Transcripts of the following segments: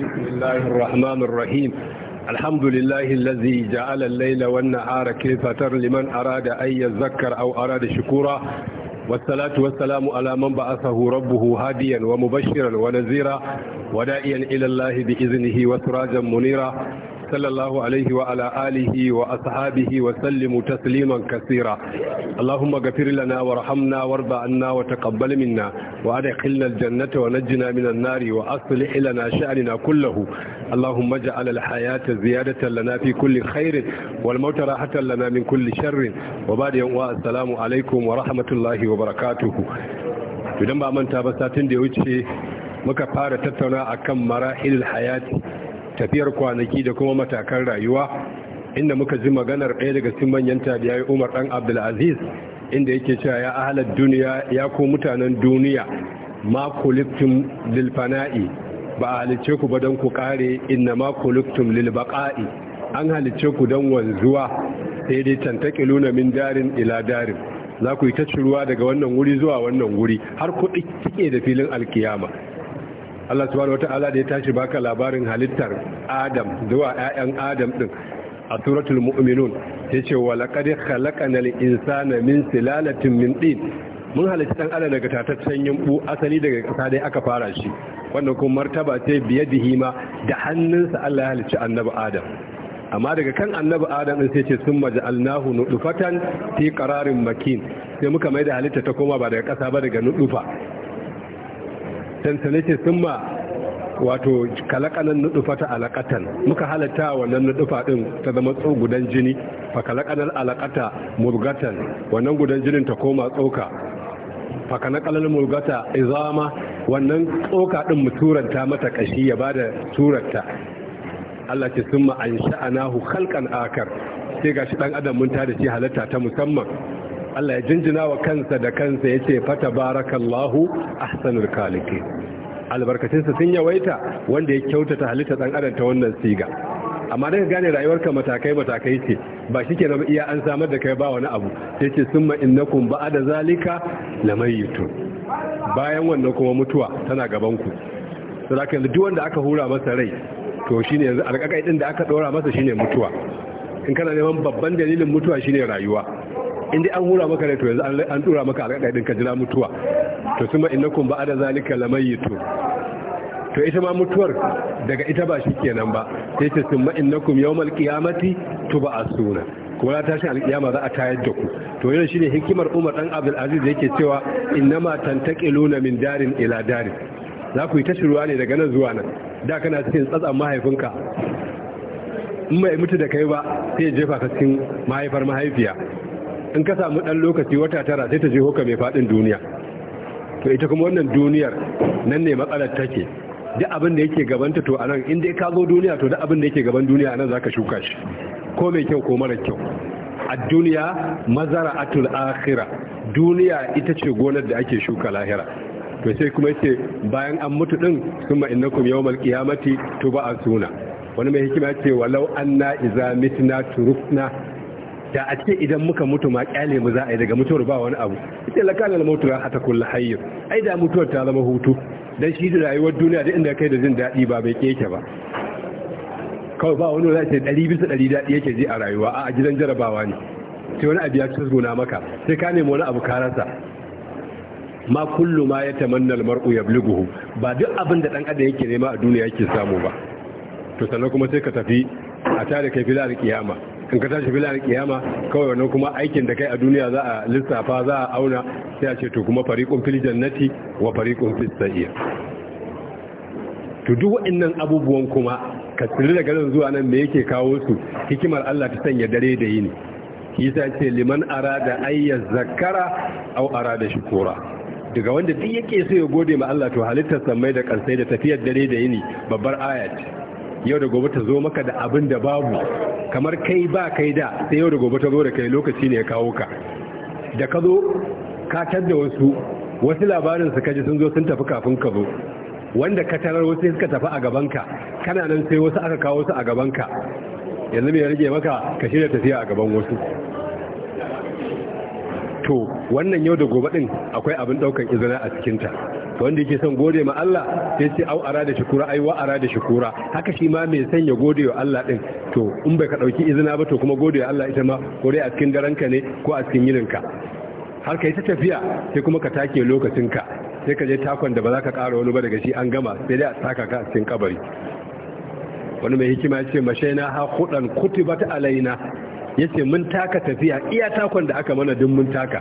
بسم الله الرحمن الرحيم الحمد لله الذي جعل الليل والنهار كلفة لمن أراد أن يذكر أو أراد شكورا والصلاة والسلام على من بعثه ربه هاديا ومبشرا ونذيرا ودائيا إلى الله بإذنه وسراجا منيرا صلى الله عليه وعلى آله وأصحابه وسلم تسليما كثيرا اللهم اغفر لنا وارحمنا وارض عنا وتقبل منا وأدخلنا الجنة ونجنا من النار وأصلح لنا شأننا كله اللهم اجعل الحياة زيادة لنا في كل خير والموت راحة لنا من كل شر وبعد يوم السلام عليكم ورحمة الله وبركاته idan ba manta ba satin da ya wuce muka fara tattauna akan marahilul hayati tafiyar kwanaki da kuma matakan rayuwa inda muka ji maganar ɗaya daga cikin manyan tabi'ai Umar dan Abdulaziz inda yake cewa ya ahalar duniya ya ko mutanen duniya ma kuliftum lil fana'i ba a halicce ku ba don ku kare inna ma kuliftum lil baqa'i an halicce ku don wanzuwa sai dai tantakiluna min darin ila darin za ku yi ta ciruwa daga wannan wuri zuwa wannan wuri har kuɗi tike da filin alkiyama Allah subhanahu ta'ala da ya tashi baka labarin halittar Adam zuwa ƴaƴan Adam din a suratul mu'minun yace wa laqad khalaqnal insana min silalatin min tin mun halitta dan adam daga tataccen yumbu asali daga kasa dai aka fara shi wannan kuma martaba ce biyadihi ma da hannunsa Allah ya halicci annabi Adam amma daga kan annabi adam sai ce sun maj'alnahu nudufatan fi qararin makin sai muka mai da halitta ta koma ba daga kasa ba daga nudufa halittansa nake sun ma wato kalakanan nudufa ta alaƙatan muka halatta wannan nudufa ɗin ta zama gudan jini fa kalakanan alaƙata murgatan wannan gudan jinin ta koma tsoka fa kalakanan murgata izama wannan tsoka ɗin mu turanta mata ƙashi ya ba da Allah ce sun an sha'anahu halkan akar sai gashi dan ɗan adam mun tada shi halatta ta musamman Allah ya jinjina wa kansa da kansa ya ce fata barakallahu ahsanul kaliki albarkacinsa sun yawaita wanda ya kyautata halitta ɗan adam ta wannan siga amma daga gane rayuwarka matakai matakai ce ba shi ke iya an samar da kai ba wani abu sai ce summa innakum ba'ada zalika lamayyitu bayan wannan kuma mutuwa tana gaban ku saboda duk wanda aka hura masa rai to shine yanzu alƙaƙai ɗin da aka ɗora masa shine mutuwa in kana neman babban dalilin mutuwa shine rayuwa In inda an hura maka rai to yanzu an tura maka alƙaɗaɗin ka jira mutuwa to su ma inakun ba a da zalika lamayyitu to ita ma mutuwar daga ita ba shi kenan ba sai ce sun ma inakun to ba a suna kuma na tashin alƙiyama za a tayar da ku to yana ne hikimar Umar ɗan Abdul Aziz yake cewa innama luna min darin ila darin za ku yi ta shirwa ne daga nan zuwa nan da kana cikin tsatsan mahaifinka in mai mutu da kai ba sai jefa ka cikin mahaifar mahaifiya in ka samu ɗan lokaci wata tara sai ta je hoka mai faɗin duniya to ita kuma wannan duniyar nan ne matsalar take duk abin da yake gabanta to anan in dai ka zo duniya to duk abin da yake gaban duniya anan zaka shuka shi ko mai kyau ko mara kyau a duniya mazara'atul akhira duniya ita ce gonar da ake shuka lahira to sai kuma yace bayan an mutu din kuma innakum yawmal qiyamati suna wani mai hikima yace walau anna iza mitna turukna da a ce idan muka mutu ma kyale mu za a yi daga mutuwar ba wani abu ita lakanar mutu ya hata kulla hayyar ai da mutuwar ta zama hutu dan shi da rayuwar duniya da inda kai da jin daɗi ba bai keke ba kawai ba wani zai ce ɗari bisa ɗari daɗi yake ji a rayuwa a gidan jarabawa ne sai wani abu ya ci zuna maka sai ka nemi wani abu ka rasa ma kullu ma ya tamanna almar'u yablughu ba duk abin da dan adam yake nema a duniya yake samu ba to sannan kuma sai ka tafi a tare kai filar kiyama in ka tashi filar kiyama kawai wannan kuma aikin da kai a duniya za a lissafa za a auna sai a ce to kuma fariqun fil jannati wa fariqun fis sa'ir to duk waɗannan abubuwan kuma ka tsiri daga nan zuwa nan me yake kawo su hikimar Allah ta sanya dare da yini kisa ce liman arada ayya zakara aw arada shukura daga wanda duk yake so ya gode ma Allah to halittar samai da kansai da tafiyar dare da yini babbar ayat yau da gobe ta zo maka da abin da babu kamar kai ba kai da sai yau da gobe ta zo da kai lokaci ne ya kawo ka da ka zo ka da wasu wasu labarin su kaji sun zo sun tafi kafin ka zo wanda ka tarar wasu suka tafi a gabanka kana nan sai wasu aka kawo su a gabanka yanzu mai rage maka ka shirya tafiya a gaban wasu to wannan yau da gobe din akwai abin daukan izina a cikinta wanda yake son gode ma Allah sai ce au arada shukura ai wa arada shukura haka shi ma mai son ya gode wa Allah din to in bai ka dauki izina ba to kuma gode wa Allah ita ma ko dai a cikin daranka ne ko a cikin yininka har kai ta tafiya sai kuma ka take lokacinka sai ka je takon da ba za ka ƙara wani ba daga shi an gama sai dai a saka ka a cikin kabari wani mai hikima ce mashaina ha hudan kutibat alaina yace mun taka tafiya iya takon da aka mana duk mun taka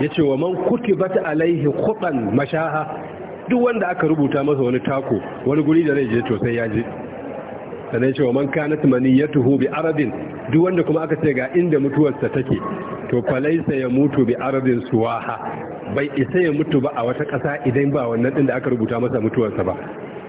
ya ce wa man kutibat alaihi khutan mashaha duk wanda aka rubuta masa wani tako wani guri da zai je to sai ya je ce wa man kanat maniyatuhu bi arabin. duk wanda kuma aka ce ga inda mutuwarsa take to falaisa ya mutu bi arabin suwaha bai isa ya mutu ba a wata kasa idan ba wannan din da aka rubuta masa mutuwarsa ba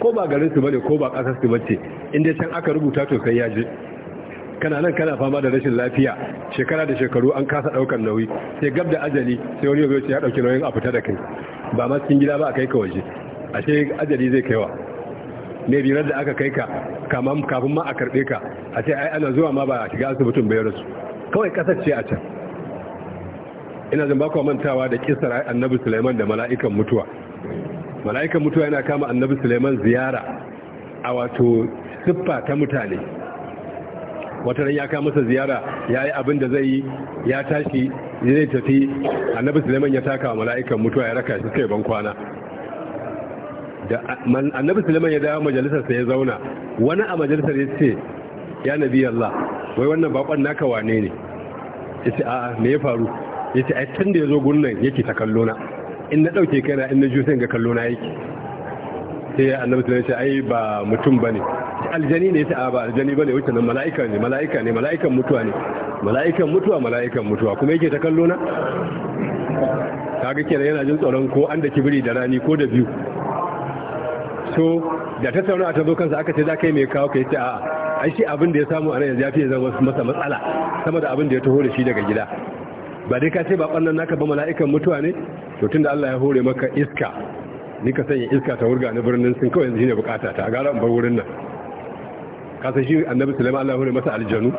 ko ba garin su bane ko ba kasar su bace in can aka rubuta to sai ya je kana nan kana fama da rashin lafiya shekara da shekaru an kasa daukan nauyi sai gab da ajali sai wani yazo ya dauki nauyin a fita da kai ba ma cikin gida ba a kai ka waje ashe ajali zai kaiwa ne rinar da aka kai ka kamar kafin ma a karbe ka a ce ai ana zuwa ma ba a shiga asibitin bai rasu kawai kasar ce a can ina zan baku mantawa da kisar annabi Sulaiman da mala'ikan mutuwa mala'ikan mutuwa yana kama annabi Sulaiman ziyara a wato siffa ta mutane wata ran ya ka masa ziyara ya yi abin da zai yi ya tashi zai tafi annabi suleiman ya taka wa mala'ikan mutuwa ya raka shi suka yi ban kwana da annabi suleiman ya dawo majalisarsa ya zauna wani a majalisar ya ce ya nabi allah wai wannan bakon naka wane ne ya ce a'a me ya faru ya ce ai tun da ya zo gunnan yake ta kallona in na ɗauke kaina in na jusin ga kallona yake sai annabi suleiman ya ce ai ba mutum ba ne aljani ne ta ba aljani bane wuce nan mala'ika ne mala'ika ne mala'ikan mutuwa ne mala'ikan mutuwa mala'ikan mutuwa kuma yake ta kallo na kaga kenan yana jin tsoron ko an da kibiri da rani ko da biyu so da ta sauna ta zo kansa aka ce za ka yi mai kawo ka yi ta a ai shi abin da ya samu a nan yanzu ya fiye zama masa matsala sama da abin da ya taho da shi daga gida ba dai ka ce ba ɓannan naka ba mala'ikan mutuwa ne to tun da Allah ya hore maka iska ni ka sanya iska ta wurga na birnin sun kawai yanzu ne bukata ta gara in bar wurin nan kasa shi annabi sulaima Allah hore masa aljanu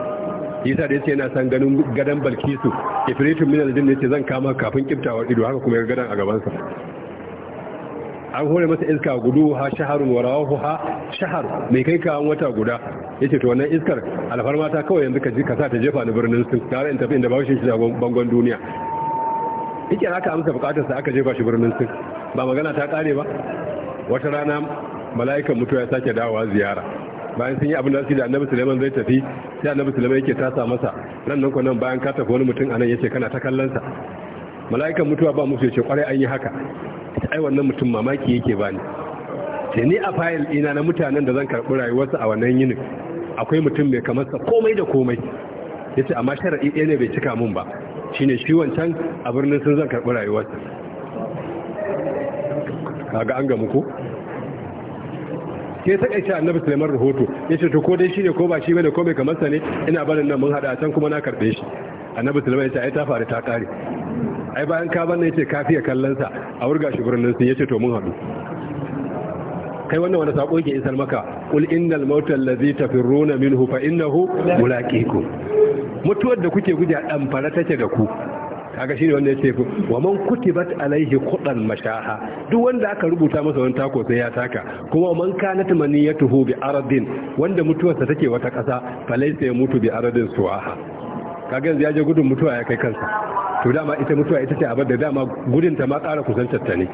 yasa da yace yana san ganin gadan balkisu ifritun min aljin yace zan kama kafin kiftawar ido haka kuma ya gadan a gaban sa an hore masa iska gudu ha shaharun warawahu ha shahar mai kai kawan wata guda yace to wannan iskar alfarma ta kawai yanzu ka ji ka sa ta jefa ni birnin sun tare in tafi inda ba shi da bangon duniya yake haka amsa bukatar sa aka jefa shi birnin sun ba magana ta kare ba wata rana mala'ikan mutuwa ya sake dawowa ziyara bayan sun yi abin da su da annabi Sulaiman zai tafi sai annabi Sulaiman yake tasa masa nan nan nan bayan ka tafi wani mutum anan yace kana ta kallonsa mala'ikan mutuwa ba musu yace kwarai an yi haka ai wannan mutum mamaki yake bani sai ni a fayil ina na mutanen da zan karɓi rayuwarsa a wannan yinin akwai mutum mai kamar sa komai da komai yace amma sharadi ɗaya ne bai cika mun ba shine shi wancan a birnin sun zan karɓi rayuwarsa kaga an ga muku sai ta kai annabi Sulaiman rahoto ya ce to ko dai shi ko ba shi bane ko bai kamar sa ne ina barin nan mun hada a can kuma na karbe shi annabi Sulaiman ce ai ta faru ta kare ai bayan ka ya ce kafiya kallon sa a wurga shi gurin nan sun ce to mun hadu kai wannan wani sako yake isar maka qul innal mauta allazi tafirruna minhu fa innahu mulaqikum mutuwar da kuke guje dan fara take da ku kaga ne wanda ce ku wa man kutibat alaihi qudan mashaha duk wanda aka rubuta masa wani tako sai ya taka kuma man ya tuhu bi aradin wanda mutuwarsa take wata kasa falaysa ya mutu bi aradin suwaha kaga yanzu ya je gudun mutuwa ya kai kansa to dama ita mutuwa ita ce abin da dama gudun ta ma kara kusantar ta ne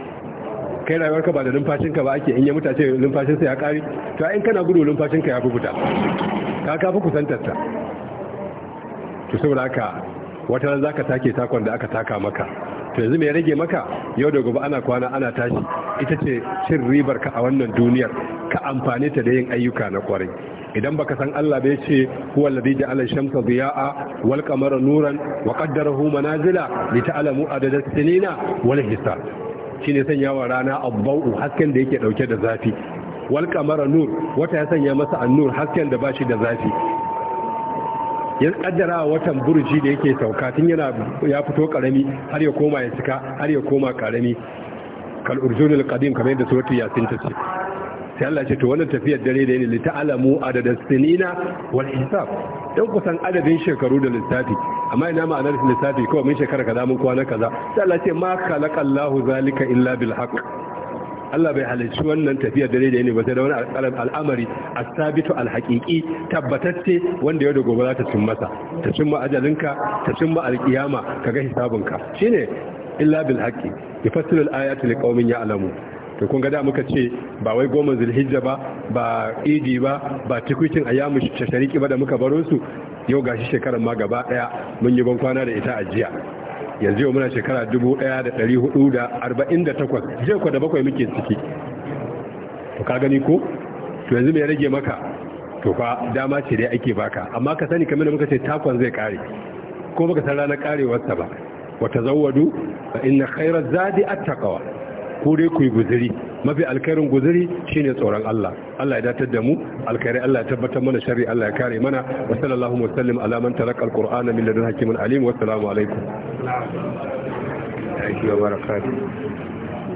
kai ka ba da numfashin ka ba ake in ya mutace sa ya kare to in kana gudu numfashin ka ya fi fita ka fi kusantar ta to saboda haka wata ran zaka take takon da aka taka maka to yanzu mai rage maka yau da gobe ana kwana ana tashi ita ce cin ribar ka a wannan duniyar ka amfani ta da yin ayyuka na kwarai idan baka san Allah bai ce huwa alladhi ja'ala shamsa diya'a wal qamara nuran wa qaddarahu manazila li ta'lamu adada sinina wal hisab shine sanya wa rana abbau hasken da yake dauke da zafi wal qamara nur wata ya sanya masa annur hasken da bashi da zafi ya kaddara watan burji da yake sauka tun yana ya fito karami har ya koma ya cika har ya koma karami kal urjunul qadim kamar yadda suratul yasin ta ce sai Allah ce to wannan tafiyar dare da yini li ta'lamu adada sinina wal hisab dan kusan adadin shekaru da lissafi amma ina ma'anar lissafi kawai mun shekara kaza mun kwana kaza sai Allah ce ma khalaqallahu zalika illa bil haqq Allah bai halarci wannan tafiyar dare da yini ba sai da wani al'amari a asabitu alhaƙiƙi tabbatacce wanda yau da gobe za ta cin masa ta cin ma ajalinka ta cin ma ka ga hisabinka shine illa bil haqqi ya al-ayati ya alamu. to kun ga da muka ce ba wai goma zulhijja ba ba idi ba ba tikwicin ayyamu shariki ba da muka baro su yau gashi shekarar ma gaba daya mun yi ban kwana da ita a jiya yanzu yau muna shekara 1448 jiya kwa da bakwai muke ciki to ka gani ko to yanzu me ya rage maka to fa dama ce dai ake baka amma ka sani kamar da muka ce takon zai kare ko baka san ranar karewarsa ba wata tazawwadu fa inna khayra zadi at-taqwa ku dai ku yi guzuri mafi alkhairin guzuri shine tsoron Allah Allah ya datar da mu alkhairi Allah ya tabbatar mana sharri Allah ya kare mana wa sallallahu wa sallim ala man talaqa alqur'ana min ladun hakimin alim wa assalamu alaikum wa barakatuh